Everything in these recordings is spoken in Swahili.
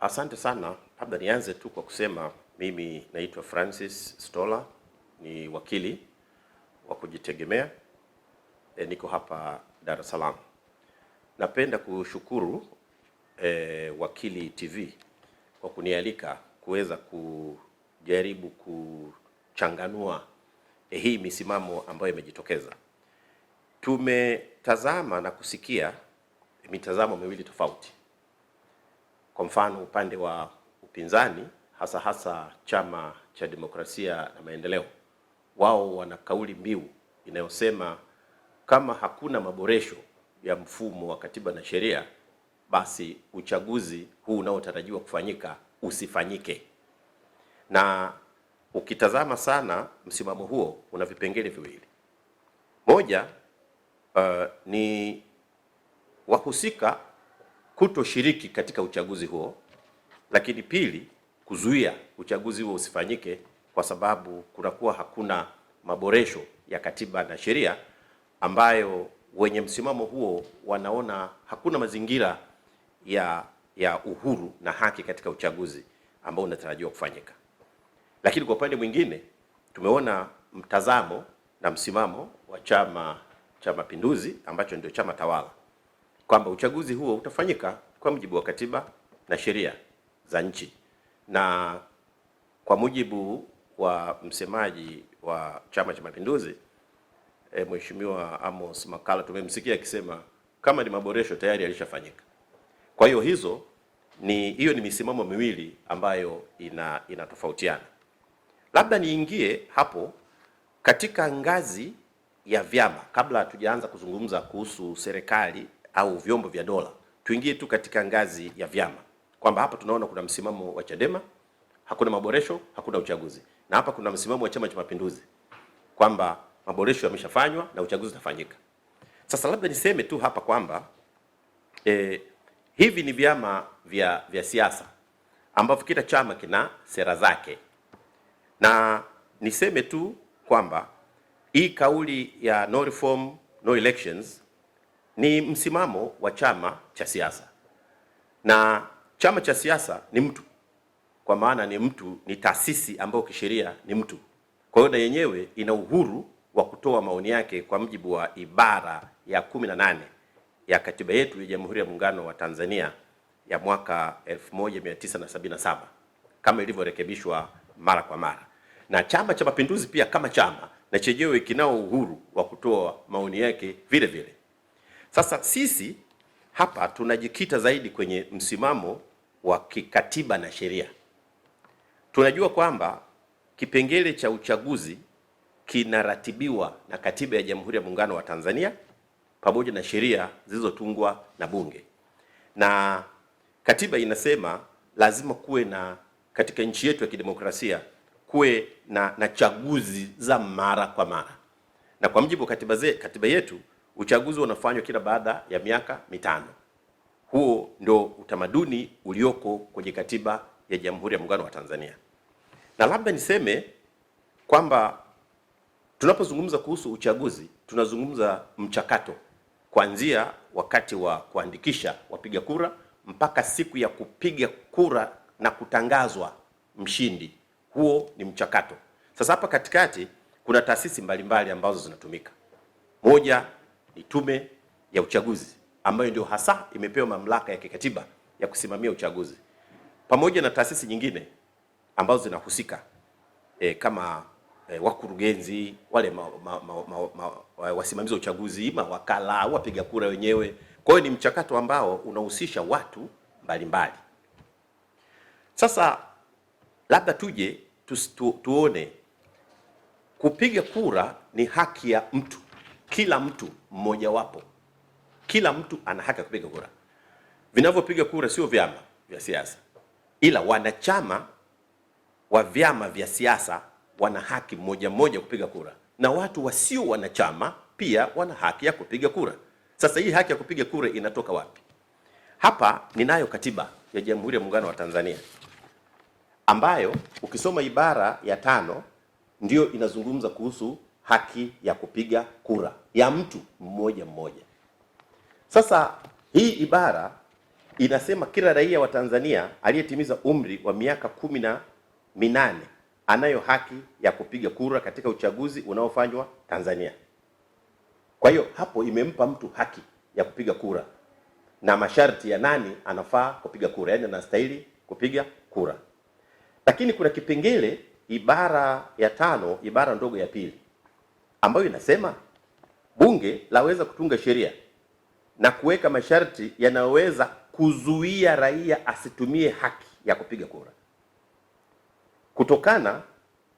Asante sana. Labda nianze tu kwa kusema mimi naitwa Francis Stola, ni wakili wa kujitegemea e, niko hapa Dar es Salaam. Napenda kushukuru e, Wakili TV kwa kunialika kuweza kujaribu kuchanganua e, hii misimamo ambayo imejitokeza. Tumetazama na kusikia mitazamo miwili tofauti kwa mfano upande wa upinzani, hasa hasa chama cha demokrasia na maendeleo, wao wana kauli mbiu inayosema kama hakuna maboresho ya mfumo wa katiba na sheria, basi uchaguzi huu unaotarajiwa kufanyika usifanyike. Na ukitazama sana msimamo huo una vipengele viwili. Moja, uh, ni wahusika kutoshiriki katika uchaguzi huo, lakini pili, kuzuia uchaguzi huo usifanyike kwa sababu kunakuwa hakuna maboresho ya katiba na sheria ambayo wenye msimamo huo wanaona hakuna mazingira ya ya uhuru na haki katika uchaguzi ambao unatarajiwa kufanyika. Lakini kwa upande mwingine, tumeona mtazamo na msimamo wa Chama cha Mapinduzi ambacho ndio chama tawala kwamba uchaguzi huo utafanyika kwa mujibu wa katiba na sheria za nchi na kwa mujibu wa msemaji wa Chama cha Mapinduzi e, Mheshimiwa Amos Makala tumemsikia akisema kama ni maboresho tayari yalishafanyika. Kwa hiyo hizo ni hiyo ni misimamo miwili ambayo ina inatofautiana. Labda niingie hapo katika ngazi ya vyama kabla hatujaanza kuzungumza kuhusu serikali au vyombo vya dola, tuingie tu katika ngazi ya vyama, kwamba hapa tunaona kuna msimamo wa Chadema, hakuna maboresho, hakuna uchaguzi, na hapa kuna msimamo wa Chama cha Mapinduzi kwamba maboresho yameshafanywa na uchaguzi utafanyika. Sasa labda niseme tu hapa kwamba eh, hivi ni vyama vya, vya siasa ambavyo kila chama kina sera zake, na niseme tu kwamba hii kauli ya no reform no elections ni msimamo wa chama cha siasa, na chama cha siasa ni mtu, kwa maana ni mtu, ni taasisi ambayo kisheria ni mtu. Kwa hiyo na yenyewe ina uhuru wa kutoa maoni yake kwa mujibu wa ibara ya kumi na nane ya katiba yetu ya Jamhuri ya Muungano wa Tanzania ya mwaka 1977 kama ilivyorekebishwa mara kwa mara. Na Chama cha Mapinduzi pia kama chama na chenyewe kinao uhuru wa kutoa maoni yake vile vile. Sasa sisi hapa tunajikita zaidi kwenye msimamo wa kikatiba na sheria. Tunajua kwamba kipengele cha uchaguzi kinaratibiwa na Katiba ya Jamhuri ya Muungano wa Tanzania pamoja na sheria zilizotungwa na Bunge, na katiba inasema lazima kuwe na, katika nchi yetu ya kidemokrasia kuwe na, na chaguzi za mara kwa mara, na kwa mujibu wa katiba, katiba yetu Uchaguzi unafanywa kila baada ya miaka mitano. Huo ndo utamaduni ulioko kwenye katiba ya Jamhuri ya Muungano wa Tanzania. Na labda niseme kwamba tunapozungumza kuhusu uchaguzi, tunazungumza mchakato kuanzia wakati wa kuandikisha wapiga kura mpaka siku ya kupiga kura na kutangazwa mshindi. Huo ni mchakato. Sasa hapa katikati kuna taasisi mbalimbali ambazo zinatumika. Moja ni Tume ya Uchaguzi ambayo ndio hasa imepewa mamlaka ya kikatiba ya kusimamia uchaguzi pamoja na taasisi nyingine ambazo zinahusika e, kama e, wakurugenzi wale ma, ma, ma, ma, ma, wasimamizi wa uchaguzi, mawakala, wapiga kura wenyewe. Kwa hiyo ni mchakato ambao unahusisha watu mbalimbali mbali. Sasa labda tuje tu, tu, tuone kupiga kura ni haki ya mtu kila mtu mmojawapo, kila mtu ana haki ya kupiga kura. Vinavyopiga kura sio vyama vya siasa, ila wanachama wa vyama vya siasa wana haki mmoja mmoja kupiga kura, na watu wasio wanachama pia wana haki ya kupiga kura. Sasa hii haki ya kupiga kura inatoka wapi? Hapa ninayo katiba ya Jamhuri ya Muungano wa Tanzania ambayo ukisoma ibara ya tano ndiyo inazungumza kuhusu haki ya kupiga kura ya mtu mmoja mmoja. Sasa hii ibara inasema kila raia wa Tanzania aliyetimiza umri wa miaka kumi na minane anayo haki ya kupiga kura katika uchaguzi unaofanywa Tanzania. Kwa hiyo hapo imempa mtu haki ya kupiga kura na masharti ya nani anafaa kupiga kura, yaani anastahili kupiga kura. Lakini kuna kipengele ibara ya tano, ibara ndogo ya pili ambayo inasema bunge laweza kutunga sheria na kuweka masharti yanayoweza kuzuia raia asitumie haki ya kupiga kura kutokana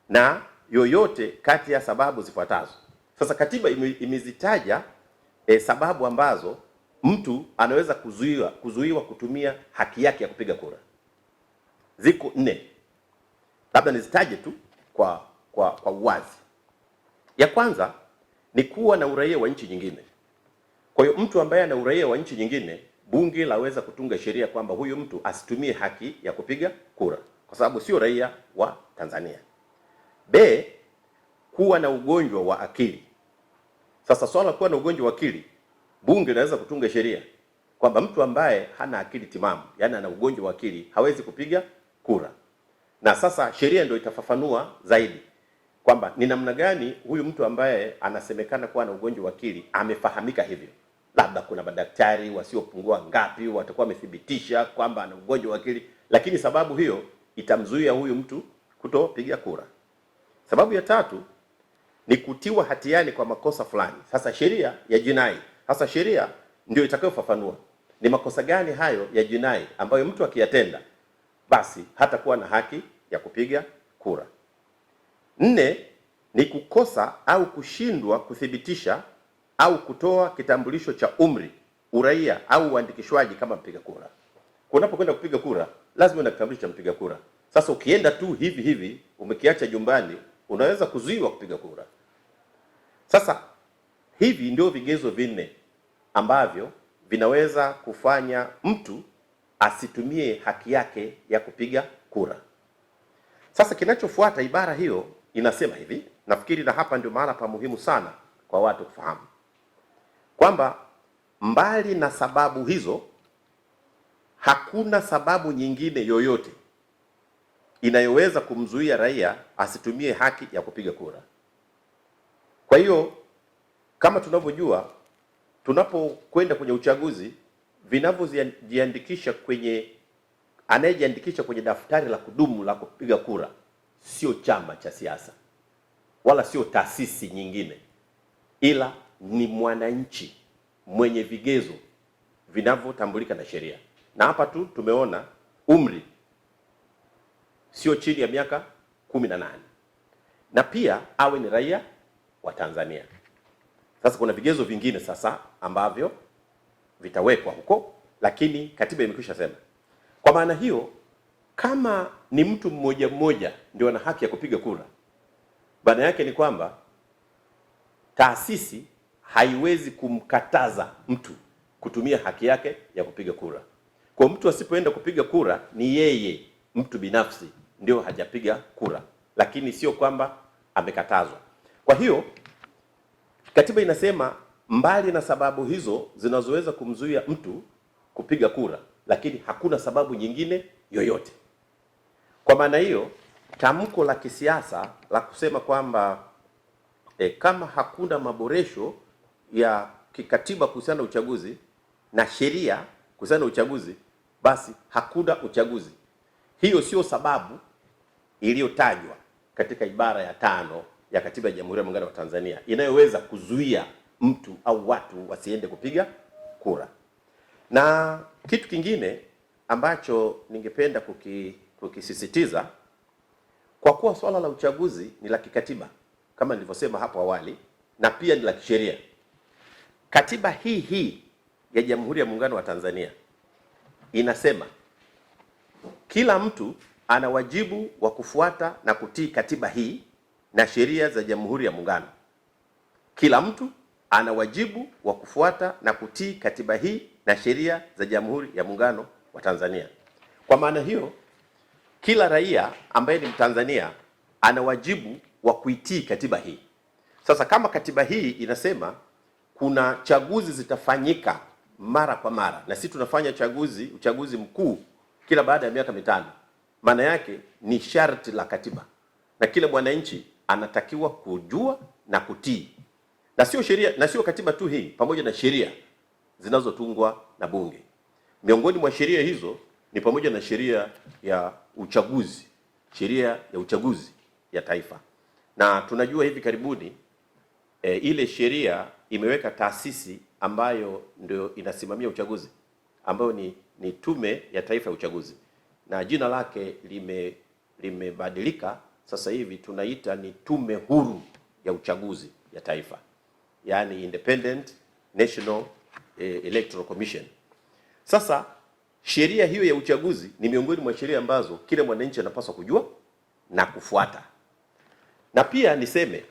na yoyote kati ya sababu zifuatazo. Sasa katiba imezitaja e, sababu ambazo mtu anaweza kuzuiwa kuzuiwa kutumia haki yake ya kupiga kura ziko nne, labda nizitaje tu kwa kwa kwa uwazi. Ya kwanza ni kuwa na uraia wa nchi nyingine. Kwa hiyo mtu ambaye ana uraia wa nchi nyingine, bunge laweza kutunga sheria kwamba huyu mtu asitumie haki ya kupiga kura kwa sababu sio raia wa Tanzania. B, kuwa na ugonjwa wa akili. Sasa swala kuwa na ugonjwa wa akili, bunge linaweza kutunga sheria kwamba mtu ambaye hana akili timamu, yani ana ugonjwa wa akili, hawezi kupiga kura. Na sasa sheria ndio itafafanua zaidi kwamba ni namna gani huyu mtu ambaye anasemekana kuwa na ugonjwa wa akili amefahamika hivyo. Labda kuna madaktari wasiopungua ngapi watakuwa wamethibitisha kwamba ana ugonjwa wa akili, lakini sababu hiyo itamzuia huyu mtu kutopiga kura. Sababu ya tatu ni kutiwa hatiani kwa makosa fulani. Sasa sheria ya jinai, sasa sheria ndio itakayofafanua ni makosa gani hayo ya jinai ambayo mtu akiyatenda basi hatakuwa na haki ya kupiga kura. Nne ni kukosa au kushindwa kuthibitisha au kutoa kitambulisho cha umri, uraia au uandikishwaji kama mpiga kura. Unapokwenda kupiga kura lazima una kitambulisho cha mpiga kura. Sasa ukienda tu hivi hivi umekiacha jumbani, unaweza kuzuiwa kupiga kura. Sasa hivi ndio vigezo vinne ambavyo vinaweza kufanya mtu asitumie haki yake ya kupiga kura. Sasa kinachofuata ibara hiyo inasema hivi, nafikiri na hapa ndio mahala pa muhimu sana kwa watu kufahamu kwamba mbali na sababu hizo hakuna sababu nyingine yoyote inayoweza kumzuia raia asitumie haki ya kupiga kura. Kwa hiyo kama tunavyojua, tunapokwenda kwenye uchaguzi, vinavyojiandikisha kwenye anayejiandikisha kwenye daftari la kudumu la kupiga kura sio chama cha siasa wala sio taasisi nyingine, ila ni mwananchi mwenye vigezo vinavyotambulika na sheria. Na hapa tu tumeona umri sio chini ya miaka kumi na nane na pia awe ni raia wa Tanzania. Sasa kuna vigezo vingine sasa ambavyo vitawekwa huko, lakini katiba imekwisha sema. Kwa maana hiyo kama ni mtu mmoja mmoja ndio ana haki ya kupiga kura, maana yake ni kwamba taasisi haiwezi kumkataza mtu kutumia haki yake ya kupiga kura. Kwa mtu asipoenda kupiga kura, ni yeye mtu binafsi ndio hajapiga kura, lakini sio kwamba amekatazwa. Kwa hiyo katiba inasema mbali na sababu hizo zinazoweza kumzuia mtu kupiga kura, lakini hakuna sababu nyingine yoyote. Kwa maana hiyo tamko la kisiasa la kusema kwamba e, kama hakuna maboresho ya kikatiba kuhusiana na uchaguzi na sheria kuhusiana na uchaguzi, basi hakuna uchaguzi, hiyo sio sababu iliyotajwa katika ibara ya tano ya katiba ya Jamhuri ya Muungano wa Tanzania inayoweza kuzuia mtu au watu wasiende kupiga kura. Na kitu kingine ambacho ningependa kuki tukisisitiza kwa kuwa swala la uchaguzi ni la kikatiba kama nilivyosema hapo awali, na pia ni la kisheria. Katiba hii hii ya Jamhuri ya Muungano wa Tanzania inasema kila mtu ana wajibu wa kufuata na kutii katiba hii na sheria za Jamhuri ya Muungano. Kila mtu ana wajibu wa kufuata na kutii katiba hii na sheria za Jamhuri ya Muungano wa Tanzania. Kwa maana hiyo kila raia ambaye ni Mtanzania ana wajibu wa kuitii katiba hii. Sasa kama katiba hii inasema kuna chaguzi zitafanyika mara kwa mara, na sisi tunafanya chaguzi, uchaguzi mkuu kila baada ya miaka mitano, maana yake ni sharti la katiba, na kila mwananchi anatakiwa kujua na kutii, na sio sheria na sio katiba tu hii, pamoja na sheria zinazotungwa na Bunge. Miongoni mwa sheria hizo ni pamoja na sheria ya uchaguzi, sheria ya uchaguzi ya taifa, na tunajua hivi karibuni e, ile sheria imeweka taasisi ambayo ndio inasimamia uchaguzi ambayo ni, ni Tume ya Taifa ya Uchaguzi na jina lake lime limebadilika sasa hivi tunaita ni Tume Huru ya Uchaguzi ya Taifa, yani Independent National eh, Electoral Commission. Sasa Sheria hiyo ya uchaguzi ni miongoni mwa sheria ambazo kila mwananchi anapaswa kujua na kufuata. Na pia niseme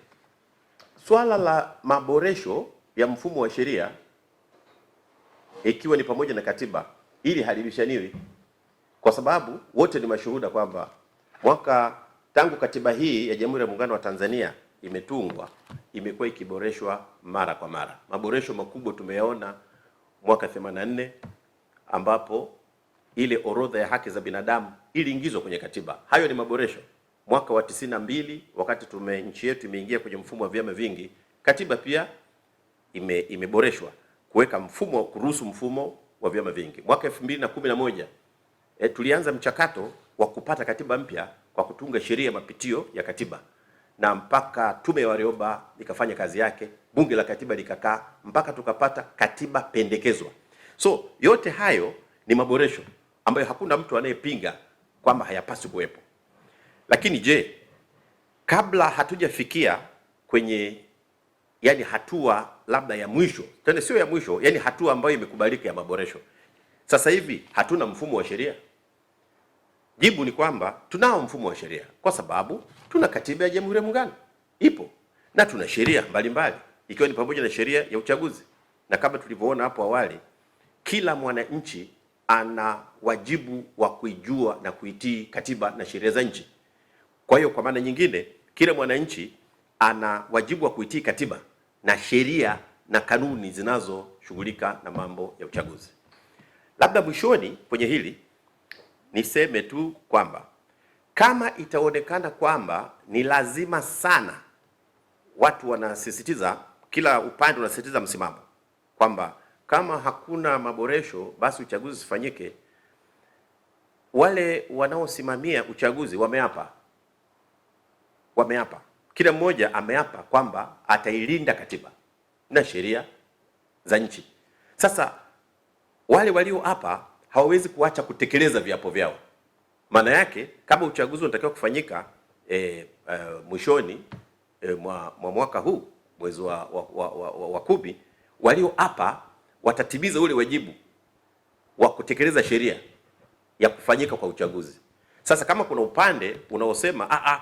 swala la maboresho ya mfumo wa sheria ikiwa ni pamoja na katiba, ili halibishaniwi, kwa sababu wote ni mashuhuda kwamba mwaka tangu katiba hii ya Jamhuri ya Muungano wa Tanzania imetungwa imekuwa ikiboreshwa mara kwa mara. Maboresho makubwa tumeyaona mwaka 84 ambapo ile orodha ya haki za binadamu iliingizwa kwenye katiba. Hayo ni maboresho mwaka wa tisini na mbili wakati tume nchi yetu imeingia kwenye mfumo wa vyama vingi, katiba pia ime, imeboreshwa kuweka mfumo kuruhusu mfumo wa vyama vingi. Mwaka elfu mbili na kumi na moja e, tulianza mchakato wa kupata katiba mpya kwa kutunga sheria ya mapitio ya katiba na mpaka tume ya Warioba ikafanya kazi yake, bunge la katiba likakaa mpaka tukapata katiba pendekezwa. So yote hayo ni maboresho ambayo hakuna mtu anayepinga kwamba hayapaswi kuwepo. Lakini je, kabla hatujafikia kwenye yani hatua labda ya mwisho, tena sio ya mwisho, yani hatua ambayo imekubalika ya maboresho, sasa hivi hatuna mfumo wa sheria? Jibu ni kwamba tunao mfumo wa sheria, kwa sababu tuna katiba ya Jamhuri ya Muungano ipo na tuna sheria mbalimbali, ikiwa ni pamoja na sheria ya uchaguzi, na kama tulivyoona hapo awali, kila mwananchi ana wajibu wa kuijua na kuitii katiba na sheria za nchi. Kwa hiyo kwa maana nyingine, kila mwananchi ana wajibu wa kuitii katiba na sheria na kanuni zinazoshughulika na mambo ya uchaguzi. Labda mwishoni kwenye hili niseme tu kwamba kama itaonekana kwamba ni lazima sana, watu wanasisitiza, kila upande unasisitiza msimamo kwamba kama hakuna maboresho, basi uchaguzi usifanyike. Wale wanaosimamia uchaguzi wameapa, wameapa, kila mmoja ameapa kwamba atailinda katiba na sheria za nchi. Sasa wale walioapa hawawezi kuacha kutekeleza viapo vyao. Maana yake kama uchaguzi unatakiwa kufanyika e, e, mwishoni e, mwa, mwa mwaka huu mwezi wa, wa, wa, wa, wa kumi, walioapa watatimiza ule wajibu wa kutekeleza sheria ya kufanyika kwa uchaguzi. Sasa kama kuna upande unaosema ah, ah,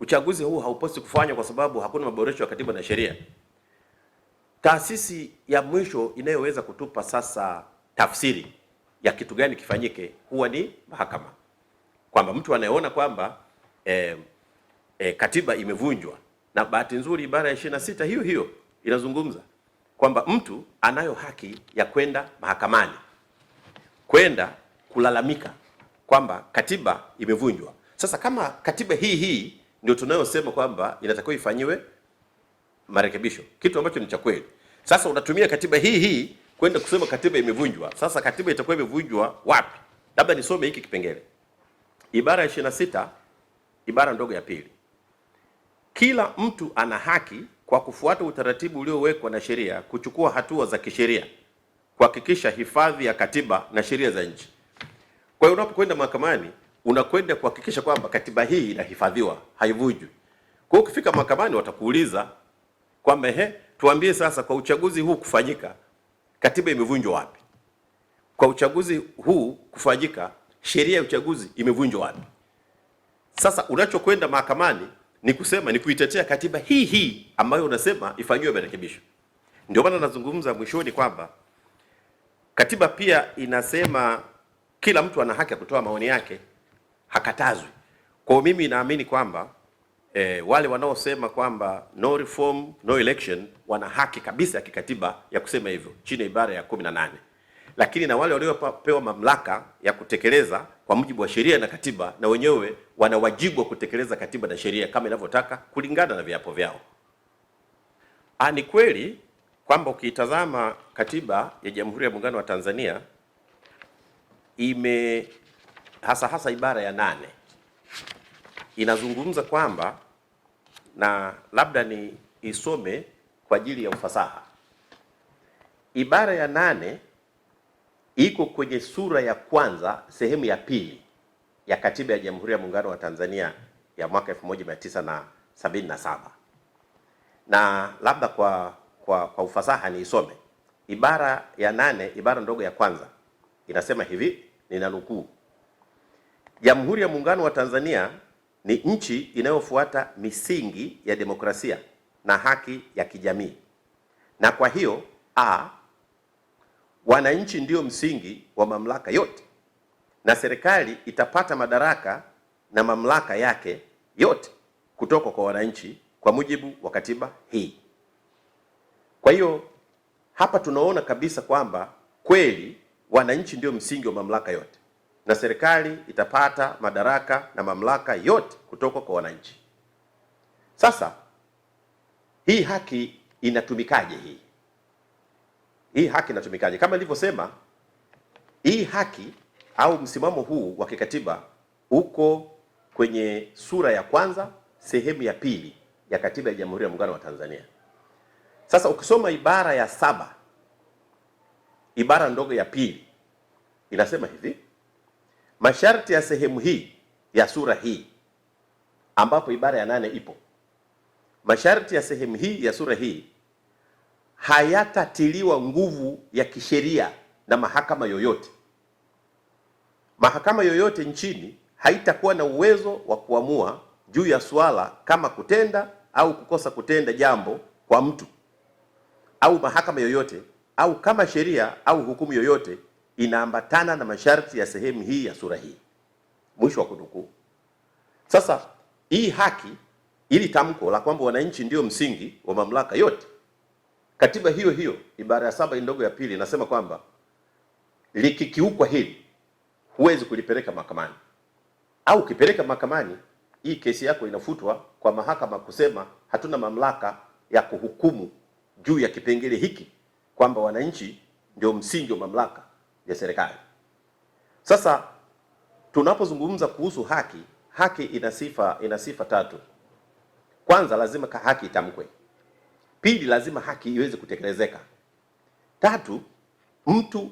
uchaguzi huu hauposti kufanywa kwa sababu hakuna maboresho ya katiba na sheria, taasisi ya mwisho inayoweza kutupa sasa tafsiri ya kitu gani kifanyike huwa ni mahakama, kwamba mtu anayeona kwamba eh, eh, katiba imevunjwa na bahati nzuri ibara ya ishirini na sita hiyo hiyo inazungumza kwamba mtu anayo haki ya kwenda mahakamani, kwenda kulalamika kwamba katiba imevunjwa. Sasa kama katiba hii hii ndio tunayosema kwamba inatakiwa ifanyiwe marekebisho, kitu ambacho ni cha kweli. Sasa unatumia katiba hii hii kwenda kusema katiba imevunjwa. Sasa katiba itakuwa imevunjwa wapi? Labda nisome hiki kipengele, ibara ya 26 ibara ndogo ya pili, kila mtu ana haki kwa kufuata utaratibu uliowekwa na sheria kuchukua hatua za kisheria kuhakikisha hifadhi ya katiba na sheria za nchi. Kwa hiyo unapokwenda mahakamani unakwenda kuhakikisha kwamba katiba hii inahifadhiwa, haivujwi. Kwa hiyo ukifika mahakamani watakuuliza kwamba ehe, tuambie sasa kwa uchaguzi huu kufanyika katiba imevunjwa wapi? Kwa uchaguzi huu kufanyika sheria ya uchaguzi imevunjwa wapi? Sasa unachokwenda mahakamani ni kusema ni kuitetea katiba hii hii ambayo unasema ifanyiwe marekebisho. Ndio maana nazungumza mwishoni kwamba katiba pia inasema kila mtu ana haki ya kutoa maoni yake, hakatazwi. Kwa mimi naamini kwamba e, wale wanaosema kwamba no reform no election wana haki kabisa ya kikatiba ya kusema hivyo chini ya ibara ya 18 lakini na wale waliopewa mamlaka ya kutekeleza kwa mujibu wa sheria na katiba, na wenyewe wana wajibu wa kutekeleza katiba na sheria kama inavyotaka kulingana na viapo vyao. Ah, ni kweli kwamba ukiitazama katiba ya Jamhuri ya Muungano wa Tanzania ime hasa hasa ibara ya nane inazungumza kwamba, na labda ni isome kwa ajili ya ufasaha ibara ya nane iko kwenye sura ya kwanza sehemu ya pili ya Katiba ya Jamhuri ya Muungano wa Tanzania ya mwaka 1977 na labda kwa, kwa, kwa ufasaha niisome ibara ya nane ibara ndogo ya kwanza inasema hivi, ninanukuu: Jamhuri ya Muungano wa Tanzania ni nchi inayofuata misingi ya demokrasia na haki ya kijamii, na kwa hiyo a Wananchi ndio msingi wa mamlaka yote na serikali itapata madaraka na mamlaka yake yote kutoka kwa wananchi kwa mujibu wa katiba hii. Kwa hiyo hapa tunaona kabisa kwamba kweli wananchi ndio msingi wa mamlaka yote na serikali itapata madaraka na mamlaka yote kutoka kwa wananchi. Sasa hii haki inatumikaje hii? hii haki inatumikaje? Kama nilivyosema, hii haki au msimamo huu wa kikatiba uko kwenye sura ya kwanza sehemu ya pili ya katiba ya Jamhuri ya Muungano wa Tanzania. Sasa ukisoma ibara ya saba ibara ndogo ya pili inasema hivi: masharti ya sehemu hii ya sura hii, ambapo ibara ya nane ipo, masharti ya sehemu hii ya sura hii hayatatiliwa nguvu ya kisheria na mahakama yoyote. Mahakama yoyote nchini haitakuwa na uwezo wa kuamua juu ya suala kama kutenda au kukosa kutenda jambo kwa mtu au mahakama yoyote au kama sheria au hukumu yoyote inaambatana na masharti ya sehemu hii ya sura hii. Mwisho wa kunukuu. Sasa hii haki, ili tamko la kwamba wananchi ndio msingi wa mamlaka yote Katiba hiyo hiyo ibara ya saba ndogo ya pili inasema kwamba likikiukwa hili huwezi kulipeleka mahakamani, au ukipeleka mahakamani hii kesi yako inafutwa kwa mahakama kusema hatuna mamlaka ya kuhukumu juu ya kipengele hiki, kwamba wananchi ndio msingi wa mamlaka ya serikali. Sasa tunapozungumza kuhusu haki, haki ina sifa ina sifa tatu. Kwanza lazima haki itamkwe. Pili, lazima haki iweze kutekelezeka. Tatu, mtu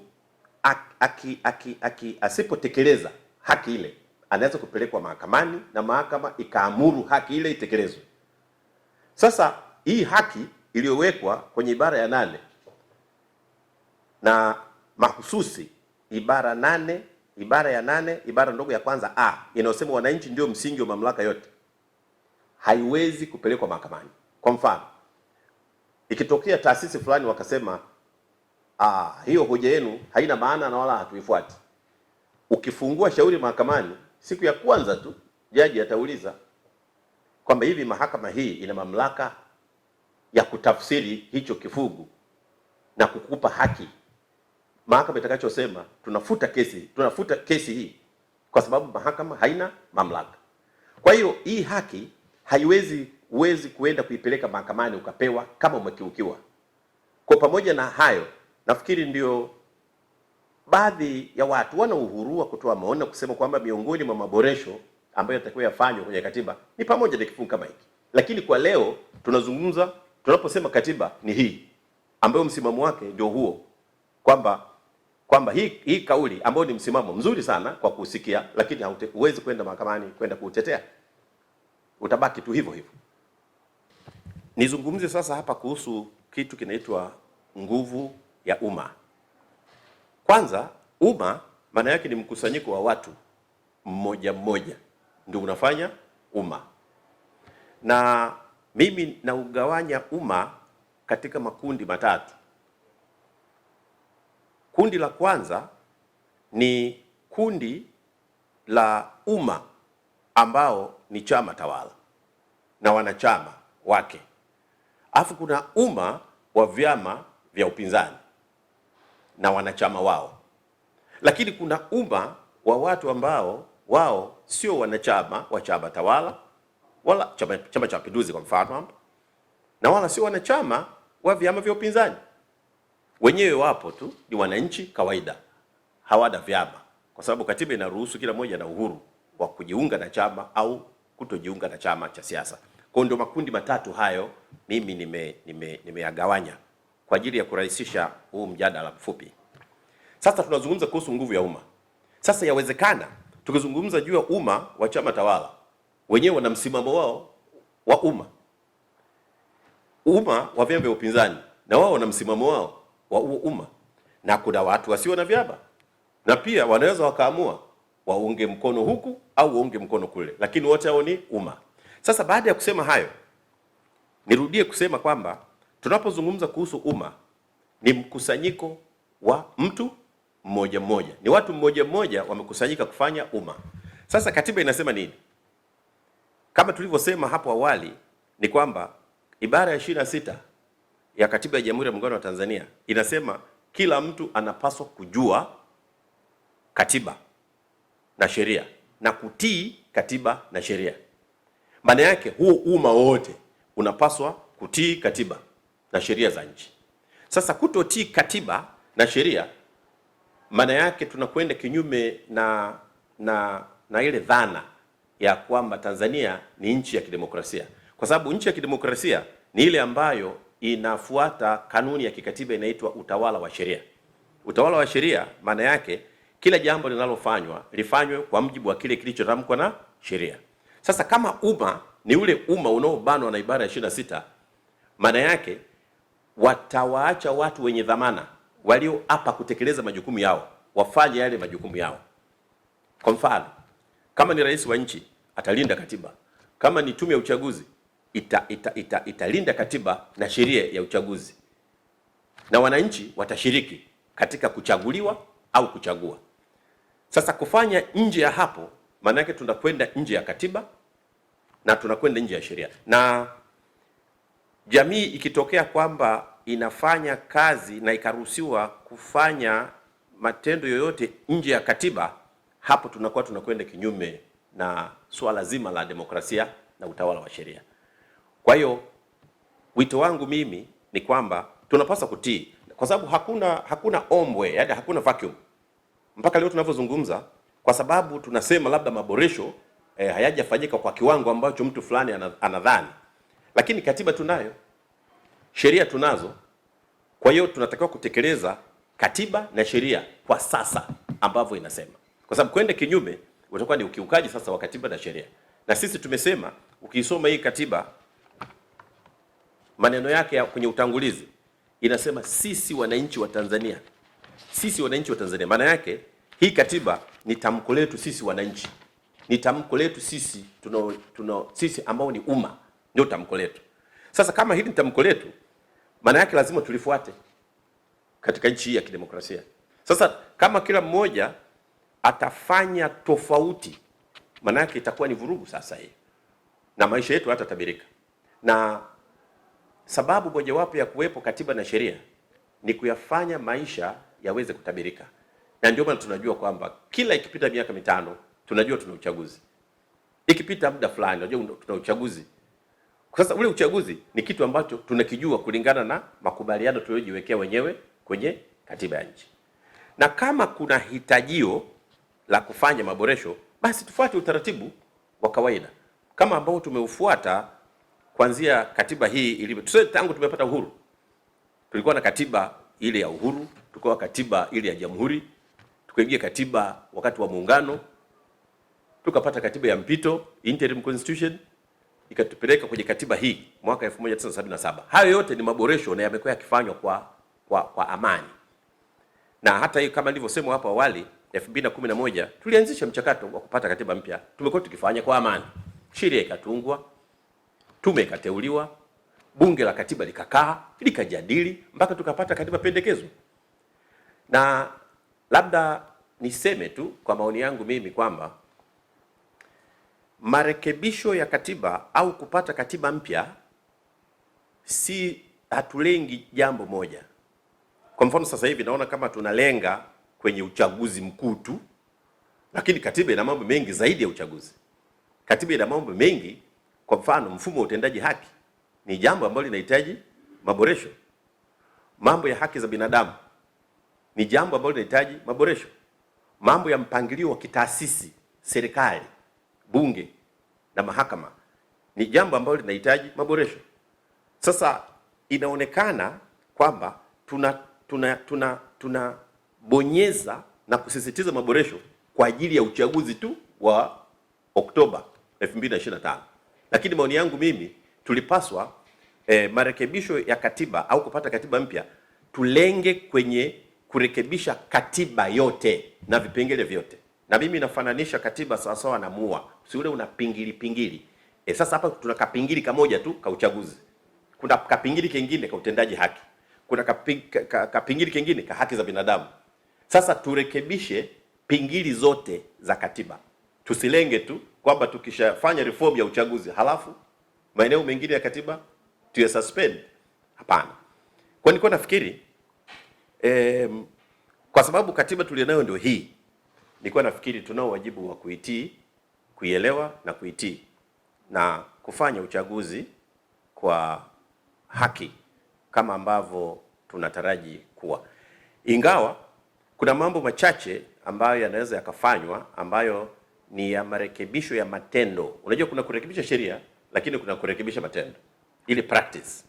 aki, aki, aki, asipotekeleza haki ile anaweza kupelekwa mahakamani na mahakama ikaamuru haki ile itekelezwe. Sasa hii haki iliyowekwa kwenye ibara ya nane na mahususi ibara nane ibara ya nane ibara ndogo ya kwanza a inayosema wananchi ndio msingi wa mamlaka yote haiwezi kupelekwa mahakamani. Kwa mfano ikitokea taasisi fulani wakasema ah, hiyo hoja yenu haina maana na wala hatuifuati, ukifungua shauri mahakamani, siku ya kwanza tu jaji atauliza kwamba hivi mahakama hii ina mamlaka ya kutafsiri hicho kifungu na kukupa haki. Mahakama itakachosema tunafuta kesi, tunafuta kesi hii kwa sababu mahakama haina mamlaka. Kwa hiyo hii haki haiwezi huwezi kuenda kuipeleka mahakamani ukapewa kama umekiukiwa. Kwa pamoja na hayo, nafikiri ndio baadhi ya watu wana uhuru wa kutoa maoni na kusema kwamba miongoni mwa maboresho ambayo yatakiwa yafanywa kwenye katiba ni pamoja na kifungu kama hiki, lakini kwa leo tunazungumza, tunaposema katiba ni hii ambayo msimamo wake ndio huo, kwamba kwamba hii, hii kauli ambayo ni msimamo mzuri sana kwa kusikia, lakini hauwezi kwenda mahakamani kwenda kuutetea, utabaki tu hivyo hivyo. Nizungumze sasa hapa kuhusu kitu kinaitwa nguvu ya umma. Kwanza, umma maana yake ni mkusanyiko wa watu mmoja mmoja, ndio unafanya umma, na mimi naugawanya umma katika makundi matatu. Kundi la kwanza ni kundi la umma ambao ni chama tawala na wanachama wake alafu kuna umma wa vyama vya upinzani na wanachama wao, lakini kuna umma wa watu ambao wao sio wanachama wa chama tawala wala chama, chama cha Mapinduzi kwa mfano hapo, na wala sio wanachama wa vyama vya upinzani. Wenyewe wapo tu, ni wananchi kawaida, hawana vyama, kwa sababu katiba inaruhusu kila mmoja na uhuru wa kujiunga na chama au kutojiunga na chama cha siasa. Kwa ndio makundi matatu hayo mimi nimeyagawanya nime, nime kwa ajili ya kurahisisha huu mjadala mfupi. Sasa tunazungumza kuhusu nguvu ya umma. Sasa yawezekana tukizungumza juu ya umma wa chama tawala, wenyewe wana msimamo wao wa umma, umma wa vyama vya upinzani na wao wana msimamo wao wa umma, na kuna watu wasio na vyama na pia wanaweza wakaamua waunge mkono huku au waunge mkono kule, lakini wote hao ni umma. Sasa baada ya kusema hayo, nirudie kusema kwamba tunapozungumza kuhusu umma ni mkusanyiko wa mtu mmoja mmoja, ni watu mmoja mmoja wamekusanyika kufanya umma. Sasa katiba inasema nini? Kama tulivyosema hapo awali, ni kwamba ibara ya ishirini na sita ya katiba ya Jamhuri ya Muungano wa Tanzania inasema kila mtu anapaswa kujua katiba na sheria na kutii katiba na sheria. Maana yake huo umma wowote unapaswa kutii katiba na sheria za nchi. Sasa kutotii katiba na sheria, maana yake tunakwenda kinyume na na na ile dhana ya kwamba Tanzania ni nchi ya kidemokrasia, kwa sababu nchi ya kidemokrasia ni ile ambayo inafuata kanuni ya kikatiba inaitwa utawala wa sheria. Utawala wa sheria maana yake kila jambo linalofanywa lifanywe kwa mujibu wa kile kilichotamkwa na sheria. Sasa kama umma ni ule umma unaobanwa na ibara ya ishirini na sita, maana yake watawaacha watu wenye dhamana walioapa kutekeleza majukumu yao wafanye yale majukumu yao. Kwa mfano, kama ni rais wa nchi atalinda katiba, kama ni tume ya uchaguzi ita, ita, ita, italinda katiba na sheria ya uchaguzi, na wananchi watashiriki katika kuchaguliwa au kuchagua. Sasa kufanya nje ya hapo, maana yake tunakwenda nje ya katiba na tunakwenda nje ya sheria, na jamii ikitokea kwamba inafanya kazi na ikaruhusiwa kufanya matendo yoyote nje ya katiba, hapo tunakuwa tunakwenda kinyume na suala zima la demokrasia na utawala wa sheria. Kwa hiyo wito wangu mimi ni kwamba tunapaswa kutii, kwa sababu hakuna hakuna ombwe, yaani hakuna vacuum mpaka leo tunavyozungumza, kwa sababu tunasema labda maboresho eh, hayajafanyika kwa kiwango ambacho mtu fulani anadhani, lakini katiba tunayo, sheria tunazo. Kwa hiyo tunatakiwa kutekeleza katiba na sheria kwa sasa ambavyo inasema, kwa sababu kwenda kinyume utakuwa ni ukiukaji sasa wa katiba na sheria. Na sisi tumesema ukiisoma hii katiba maneno yake ya kwenye utangulizi inasema sisi wananchi wa Tanzania, sisi wananchi wa Tanzania. Maana yake hii katiba ni tamko letu sisi wananchi ni tamko letu sisi tuno, tuno, sisi ambao ni umma ndio tamko letu. Sasa kama hili ni tamko letu, maana yake lazima tulifuate katika nchi hii ya kidemokrasia. Sasa kama kila mmoja atafanya tofauti, maana yake itakuwa ni vurugu sasa hii na maisha yetu tabirika. Na sababu mojawapo ya kuwepo katiba na sheria ni kuyafanya maisha yaweze kutabirika, na ndio maana tunajua kwamba kila ikipita miaka mitano tunajua tuna uchaguzi. Ikipita muda fulani, unajua tuna uchaguzi. Sasa ule uchaguzi ni kitu ambacho tunakijua kulingana na makubaliano tuliyojiwekea wenyewe kwenye katiba ya nchi, na kama kuna hitajio la kufanya maboresho, basi tufuate utaratibu wa kawaida kama ambao tumeufuata kuanzia katiba hii ilivyo. Tuseme tangu tumepata uhuru, tulikuwa na katiba ile ya uhuru, tukawa katiba ile ya jamhuri, tukaingia katiba wakati wa muungano tukapata katiba ya mpito interim constitution ikatupeleka kwenye katiba hii mwaka 1977. Hayo yote ni maboresho na yamekuwa yakifanywa kwa, kwa, kwa amani na hata hiyo kama nilivyosema hapo awali 2011 tulianzisha mchakato wa kupata katiba mpya. Tumekuwa tukifanya kwa amani, sheria ikatungwa, tume ikateuliwa, bunge la katiba likakaa likajadili mpaka tukapata katiba pendekezo. Na labda niseme tu kwa maoni yangu mimi kwamba marekebisho ya katiba au kupata katiba mpya, si hatulengi jambo moja. Kwa mfano sasa hivi naona kama tunalenga kwenye uchaguzi mkuu tu, lakini katiba ina mambo mengi zaidi ya uchaguzi. Katiba ina mambo mengi, kwa mfano mfumo wa utendaji haki ni jambo ambalo linahitaji maboresho. Mambo ya haki za binadamu ni jambo ambalo linahitaji maboresho. Mambo ya mpangilio wa kitaasisi serikali bunge na mahakama ni jambo ambalo linahitaji maboresho. Sasa inaonekana kwamba tuna tuna tuna tunabonyeza na kusisitiza maboresho kwa ajili ya uchaguzi tu wa Oktoba 2025, lakini maoni yangu mimi tulipaswa eh, marekebisho ya katiba au kupata katiba mpya tulenge kwenye kurekebisha katiba yote na vipengele vyote na mimi nafananisha katiba sawa sawa na mua, si ule una pingili pingili. E, sasa hapa tuna kapingili kamoja tu ka uchaguzi, kuna kapingili kingine ka utendaji haki, kuna kapingili kingine ka haki za binadamu. Sasa turekebishe pingili zote za katiba, tusilenge tu kwamba tukishafanya reform ya uchaguzi halafu maeneo mengine ya katiba tuya suspend. Hapana, kwa nafikiri eh, kwa sababu katiba tulionayo ndio hii nilikuwa nafikiri tunao wajibu wa kuitii, kuielewa na kuitii na kufanya uchaguzi kwa haki kama ambavyo tunataraji kuwa, ingawa kuna mambo machache ambayo yanaweza yakafanywa ambayo ni ya marekebisho ya matendo. Unajua, kuna kurekebisha sheria, lakini kuna kurekebisha matendo, ili practice.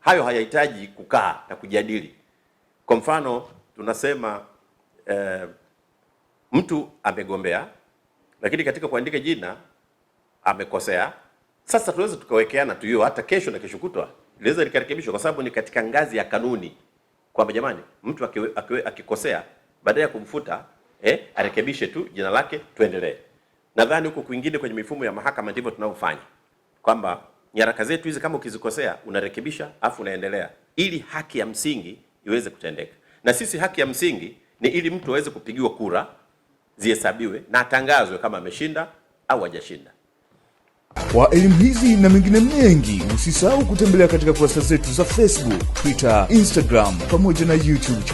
Hayo hayahitaji kukaa na kujadili. Kwa mfano tunasema eh, mtu amegombea, lakini katika kuandika jina amekosea. Sasa tunaweza tukawekeana tu hiyo, hata kesho na kesho kutwa inaweza likarekebishwa, kwa sababu ni katika ngazi ya kanuni kwamba jamani, mtu akiwe, akiwe, akikosea baada ya kumfuta eh, arekebishe tu jina lake, tuendelee. Nadhani huko kwingine kwenye mifumo ya mahakama ndivyo tunavyofanya kwamba nyaraka zetu hizi kama ukizikosea unarekebisha afu unaendelea, ili haki ya msingi iweze kutendeka. Na sisi haki ya msingi ni ili mtu aweze kupigiwa kura zihesabiwe na atangazwe kama ameshinda au hajashinda. Kwa elimu hizi na mengine mengi, usisahau kutembelea katika kurasa zetu za Facebook, Twitter, Instagram pamoja na YouTube.